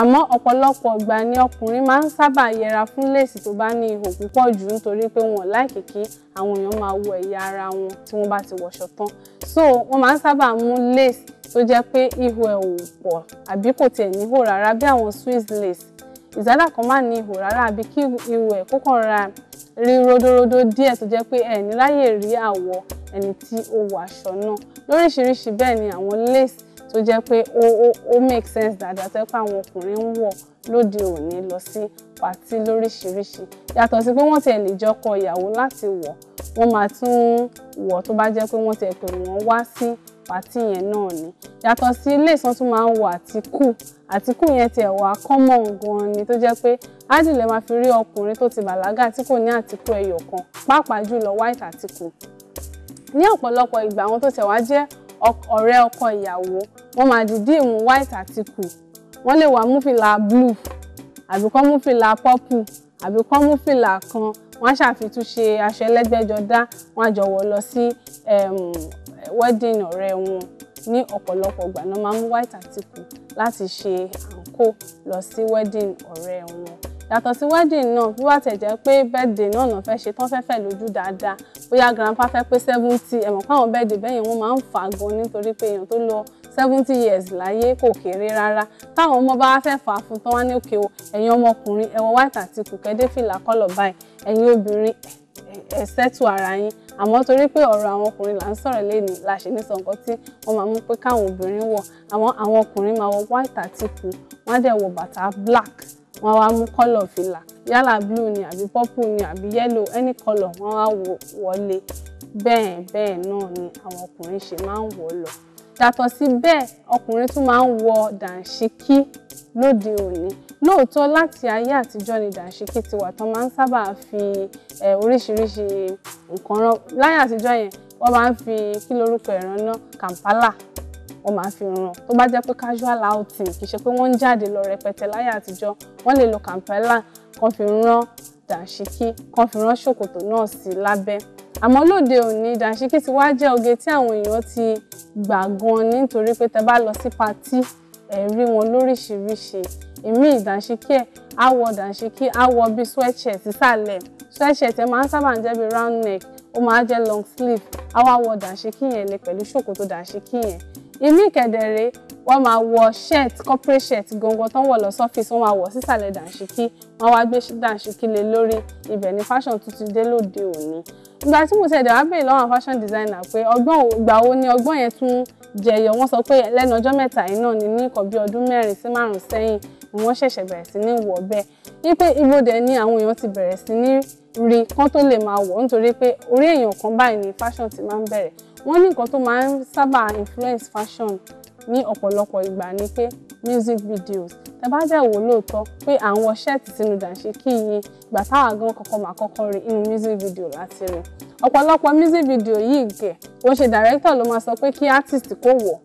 àmọ́ ọ̀pọ̀lọpọ̀ ìgbà ni ọkùnrin máa ń sábà yẹra fún léèsì tó bá ní ihò púpọ̀ jù nítorí pé wọn láìkì kí àwọn èèyàn máa wo ẹ̀yà ara wọn tí wọ́n bá ti wọṣọ tán so wọ́n máa ń sábà mú lace tó jẹ́ pé ihò ẹ̀ ò pọ̀ àbí kò tiẹ̀ níhò rárá bí àwọn Swiss lace ìzálà kan má ní ihò rárá àbí kí ihò ẹ̀ kó kàn ra rí ródóródó díẹ̀ tó jẹ́ pé ẹ̀ ní láyè rí àwọ̀ ẹni tí ó wọ aṣọ náà lóríṣiríṣi bẹ́ẹ̀ ni àwọn lace tó jẹ́ pé ó ó ó make sense dáadáa tó jẹ́ pé àwọn ọkùnrin ń wọ̀ lóde òní lọ sí pàtí lóríṣiríṣi yàtọ̀ sí pé wọ́n ti ẹ̀ lè jọ kọ ìyàwó láti wọ̀ wọ́n máa tún wọ̀ tó bá jẹ́ pé wọ́n ti ẹ̀ pè wọ́n wá sí pàtí yẹn náà ni yàtọ̀ sí ilé ìsan tún máa ń wọ àtíkù àtíkù yẹn ti ẹ̀wà common gan-an ni tó jẹ́ pé ájìlẹ̀ máa fi rí ọkùnrin tó ti bàlágà tí kò ní àtíkù ẹyọ kan pàápàá jùlọ white àtíkù ní ọ̀pọ̀lọpọ̀ ìgbà àwọn tó tẹ̀ wá jẹ́ ọ̀rẹ́ ọkọ ìyàwó wọ́n máa dìídì mú white àti kù wọ́n lè wá mú fìlà blue àbí kọ́ mú fìlà purple àbí kọ́ mú fìlà kan wọ́n á ṣàfitún ṣe aṣọ ẹlẹ́gbẹ́jọdá wọ́n á jọ̀wọ́ lọ sí ehm, wedding ọ̀rẹ́ wọn ní ọ̀pọ̀lọpọ̀ ìgbà náà máa mú white àti kù láti ṣe àǹkó lọ sí wedding ọ̀rẹ́ wọn yàtọ̀ sí wedding náà bí wà tẹ̀ jẹ́ pé birthday náà náà fẹ́ ṣe tán fẹ́ fẹ́ lójú dáadáa bóyá grandpa fẹ́ pé seventy ẹ̀mọ̀ káwọn birthday bẹ́yẹn wọ́n máa ń fà gan nítorí pé èèyàn tó lọ seventy years láyé kò kéré rárá táwọn ọmọ bá fẹ́ fà á fún tán wá ní òkè o ẹ̀yin ọmọkùnrin ẹ̀wọ̀ white àti kùkẹ́dé fìlà kọ́lọ̀ báyìí ẹ̀yin obìnrin ẹ sẹ́tù ara yín àmọ́ torí pé ọ̀rọ̀ àwọn ọkùnrin là ń sọ̀rọ̀ lẹ́nu la ṣe ní sọ nǹkan tí wọ́n máa mú pé káwọn obìnrin wọ̀ àwọn ọkùnrin máa wọ white àti kù wọ́n á dẹ̀ wọ bàtà black wọ́n wá mú kọ́lọ̀ fìlà yálà blue ni àbí purple ni àbí yellow any kọ́lọ̀ wọ́n wá wọlé bẹ́ẹ̀ bẹ́ẹ̀ náà ni àwọn ọkùnrin ṣe máa ń wọ̀ lọ yàtọ̀ sí bẹ́ẹ̀ ọkùnrin tún máa ń wọ dàǹṣíkí lóde òní lóòótọ́ láti ayé àtijọ́ ni dàǹṣíkí ti wà tán máa ń sábà fi oríṣiríṣi nǹkan rán láyé àtijọ́ yẹn wọ́n máa ń fi kí lorúkọ ẹ̀rọ náà kàǹpálà wọ́n máa fi ràn tó bá jẹ́ pé casual outing kì í ṣe pé wọ́n ń jáde lọ rẹpẹtẹ láyé àtijọ́ wọ́n lè lo kàmpẹ́là kan fi rán dànṣíkí kan fi rán ṣòkòtò náà sí lábẹ́ àmọ́ lóde òní dànṣíkí ti wá jẹ́ oge tí àwọn èèyàn ti gbà gan nítorí pé tẹ bá lọ sí patí ẹ wọn lóríṣiríṣi ìmí ìdànṣíkí ẹ̀ á wọ dànṣíkí á wọ bí sweatshirt sísàlẹ̀ sweatshirt ẹ̀ máa ń sábà jẹ́ bí round neck ó máa jẹ́ long sleeve á wá wọ dànṣíkí yẹn lé pẹ̀lú ṣòkòtò dànṣíkí yẹn èmi kẹ̀dẹ̀rẹ̀ wọ́n máa wọ shirt corporate shirt gangan tán wọ̀ lọ sọ́fíìsì wọ́n máa wọ̀ sísàlẹ̀ dànṣíkí wọ́n wá gbé dànṣíkí lé lórí ibẹ̀ ni fashion tuntun dé lóde òní. ìgbà tí mo ṣe ẹ̀dẹ̀ wá bèèrè lọ́wọ́ àwọn fashion designer pé ọgbọ́n ìgbà wo ni ọgbọ́n yẹn tún jẹyọ wọ́n sọ pé lẹ́nu ọjọ́ mẹ́ta yìí náà ni ní nǹkan bí ọdún mẹ́rin sí márùn-ún sẹ́yìn ni wọ́n ṣẹ̀ṣẹ̀ bẹ̀rẹ̀ sí ní wọ̀ bẹ́ẹ̀ ní pé ibodè ni àwọn èèyàn ti bẹ̀rẹ̀ sí ní rí kán tó lè máa wọ̀ nítorí pé orí èèyàn kan báyìí ni fashion ti máa ń bẹ̀rẹ̀ wọ́n ní nǹkan tó máa ń sábà influence fashion ní ọ̀pọ̀lọpọ̀ ìgbà ni pé music videos ẹ bá dẹ̀ wò lóòótọ́ pé àwọn ṣẹ́ẹ̀tì sínú dànṣẹ́kì yìí ìgbà táwa gan kọ́kọ́ máa kọ́kọ́ rí inú music video láti rí ọ̀pọ̀lọpọ̀ music video yìí gẹ̀ ó ṣe director ló máa sọ pé kí artist kó wọ̀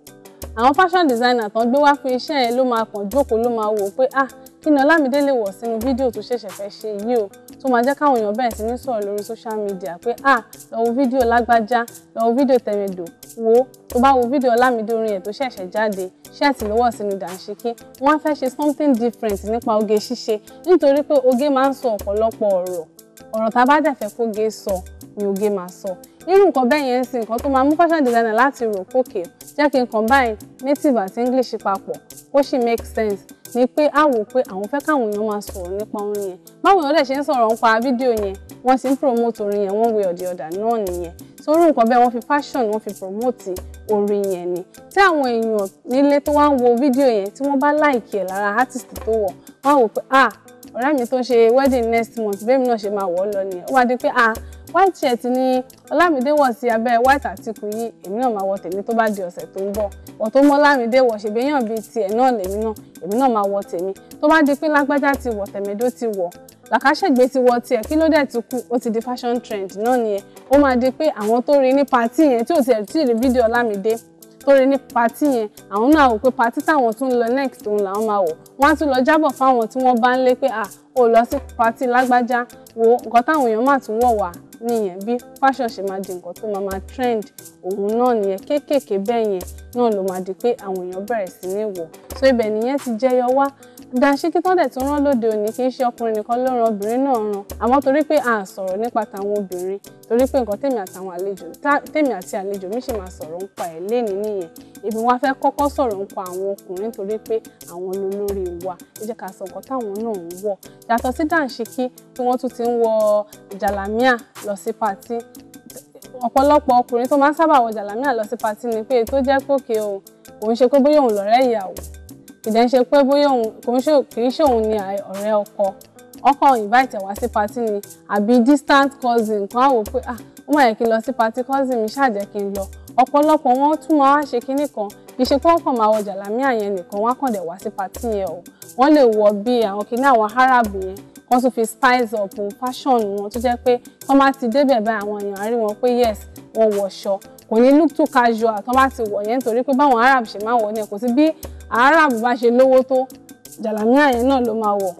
àwọn fashion designer tán gbé wá fún iṣẹ́ yẹn ló máa kàn jókòó ló máa wò pé ah kí ni Ọlámídé lè wọ̀ sínú fídíò tó ṣẹ̀ṣẹ̀ fẹ́ ṣe yìí o tó máa jẹ́ káwọn èèyàn bẹ̀rẹ̀ sí ní sọ̀rọ̀ lórí social media pé ah lọ wo fídíò lágbájá lọ wo fídíò tẹ̀mẹ̀dò wo tó bá wo fídíò Ọlámídé orin ẹ̀ tó ṣẹ̀ṣẹ̀ jáde ṣẹ́ẹ̀tì lówó sínú dànṣíkí wọ́n fẹ́ ṣe something different nípa oge ṣíṣe nítorí pé oge máa ń sọ ọ̀pọ̀lọpọ̀ ọ̀rọ̀ ọ̀rọ̀ tá a bá dẹ̀ fẹ́ kóge sọ ni oge máa sọ nínú nǹkan bẹ́ẹ̀ yẹn ń sin nǹkan tó máa mú fashion designer láti rò kókè jẹ́ kí n combine native àti english papọ̀ ó sì make sense ni pé a wò pé àwọn fẹ́ káwọn èèyàn máa sọ̀rọ̀ nípa orin yẹn báwo èèyàn dẹ̀ ṣe ń sọ̀rọ̀ nípa fídíò yẹn wọ́n ti ń promote orin yẹn one way or the other náà nìyẹn sórí nǹkan bẹ́ẹ̀ wọ́n fi fashion wọ́n fi promote orin yẹn ni tí àwọn èèyàn nílé tó wá ń wo fídíò yẹn tí wọ́n bá láìkì ẹ̀ lára artist tó wọ̀ wọ́n á wò pé ah ọ̀rẹ́ mi tó ṣe wedding next month bẹ́ẹ̀ mi náà ṣe máa wọ̀ ọ́ lọ nìyẹn ó wá di pé ah white shirt ni Olamide wọ̀ sí abẹ́ white àtìkù yìí èmi náà máa wọ tèmi tó bá di ọ̀sẹ̀ tó ń bọ̀ ọ̀ tó mọ́ Ọlámídé wọ̀ ṣègbè yàn bíi tiẹ̀ náà lèmi náà èmi náà máa wọ tèmi tó bá di pé lágbájá ti wọ̀ tẹ̀mẹ́dó ti wọ̀ làkàṣègbè ti wọ tiẹ̀ kí ló dẹ̀ ti kú ó ti di fashion trend náà nìyẹn ó máa di pé àwọn tó rí ní pàtí yẹn tí ò tiẹ̀ tí ì rí fídíò Ọlámídé torí ní patí yẹn àwọn náà wò pé patí táwọn tún lọ next òun làwọn máa wò wọ́n á tún lọ jábọ̀ fáwọn tí wọ́n bá ń lé pé à ó lọ sí patí lágbájá wo nǹkan táwọn èèyàn máa tún wọ̀ wá nìyẹn bí fashion ṣe máa di nǹkan tó máa máa trend òun náà nìyẹn kéékèèké bẹ́ẹ̀ yẹn náà ló máa di pé àwọn èèyàn bẹ̀rẹ̀ sí ní wọ̀ so ibẹ̀ nìyẹn ti jẹyọ wá Dànsíkí tán dẹ̀ tún rán lóde òní kì í ṣe ọkùnrin nìkan ló ran obìnrin náà ràn àmọ́ torí pé à ń sọ̀rọ̀ nípa tàwọn obìnrin torí pé nǹkan tèmi àtàwọn àlejò tèmi àti àlejò mi ṣì máa sọ̀rọ̀ ń pa ẹ̀ lénìí nìyẹn èmi wá fẹ́ kọ́kọ́ sọ̀rọ̀ ń pa àwọn ọkùnrin torí pé àwọn lolórí wa ẹ jẹ́ ká sọ nǹkan táwọn náà ń wọ̀ yàtọ̀ sí Dànsíkí tí wọ́n tún ti ń wọ jàlámíà lọ sí patí ọ̀pọ̀lọpọ̀ ọkùnrin tó máa ń sábà wọ jàlámíà lọ sí patí ni pé tó jẹ́ pé òkè òun ṣe pé bóyá òun lọ̀rẹ́ ìyàwó kì í dẹ́n ṣe pé bóyá òun kì í ṣe òun ni ọ̀rẹ́ ọkọ ọkọ invite wá sí party ni àbí distant cousin kan á wò pé ah ó mà yẹ kí n lọ sí party cousin mi ṣáà jẹ́ kí n lọ ọ̀pọ̀lọpọ̀ wọn tún máa ṣe kinní kan kì í ṣe pé wọ́n kàn máa wọ jàlámíà yẹn nìkan wọ́n kàn dẹ̀ wá sí party yẹn o wọ́n lè wọ bí àwọn kinní àwọn arab yẹn wọ́n tún fi spice up fashion wọn tó jẹ́ pé wọ́n bá ti débẹ̀ bá àwọn èèyàn rí wọn pé yes wọ́n wọṣọ kò ní look too casual tó bá ti wọ̀ yẹn nítorí pé báwọn arab ṣe máa wọ̀ ní kò sí bí àáràbù bá ṣe lówó tó jàlámíà yẹn náà ló máa wọ̀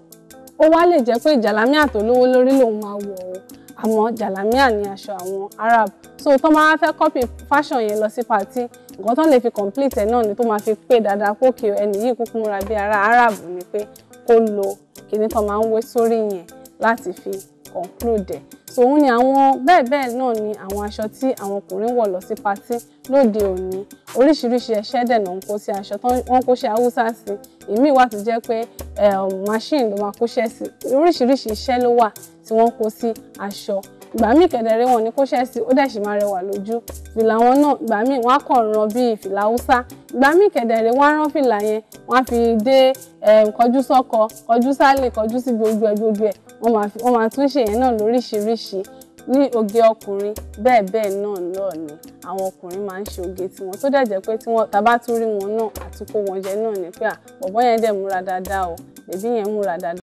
ó wá lè jẹ́ pé jàlámíà tó lówó lórí lòun máa wọ̀ o àmọ́ jàlámíà ni aṣọ àwọn arab so tó máa fẹ́ copy fashion yẹn lọ sí party nǹkan tó lè fi complete ẹ̀ náà ni tó máa fi pé dáadáa pókè ẹnì yìí kúkú múra bí ara arab ni pé kó lo kíní tó máa ń wé sórí yẹn láti fi conclude so òun ni àwọn bẹ́ẹ̀ bẹ́ẹ̀ náà ni àwọn aṣọ tí àwọn ọkùnrin wọ̀ lọ sí patí lóde òní oríṣiríṣi ẹ̀ṣẹ́ dẹ̀ náà ń kó sí aṣọ tán wọ́n kó ṣe haúsá sí ìmí wà tó jẹ́ pé eh, machine ló máa kóṣẹ́ sí oríṣiríṣi iṣẹ́ ló wà tí wọ́n kó sí aṣọ ìgbà míì kẹ̀dẹ̀rẹ́ wọn ni kóṣẹ́ sí ó dẹ̀ sì máa rẹwà lójú fìlà wọn náà ìgbà míì wọn á kàn rán bíi fìlà haúsá ìgbà míì kẹ̀dẹ̀rẹ́ wọn á rán fìlà yẹn wọn á fi dé eh, kọjú sọ́kọ kọjú sálẹ̀ kọjú sí gbogbo ẹ̀ gbogbo ẹ̀ wọ́n máa tún ṣe yẹn náà lóríṣiríṣi ní oge ọkùnrin bẹ́ẹ̀ bẹ́ẹ̀ náà náà ni àwọn ọkùnrin máa ń ṣe oge tiwọn tó dẹ̀ jẹ́ pé tí wọ́n tàbá tún rí wọn náà àtúkò wọn jẹ náà ni pé à bọ̀bọ́ yẹn dẹ̀ múra dáadáa o bèbí yẹn múra dáadáa.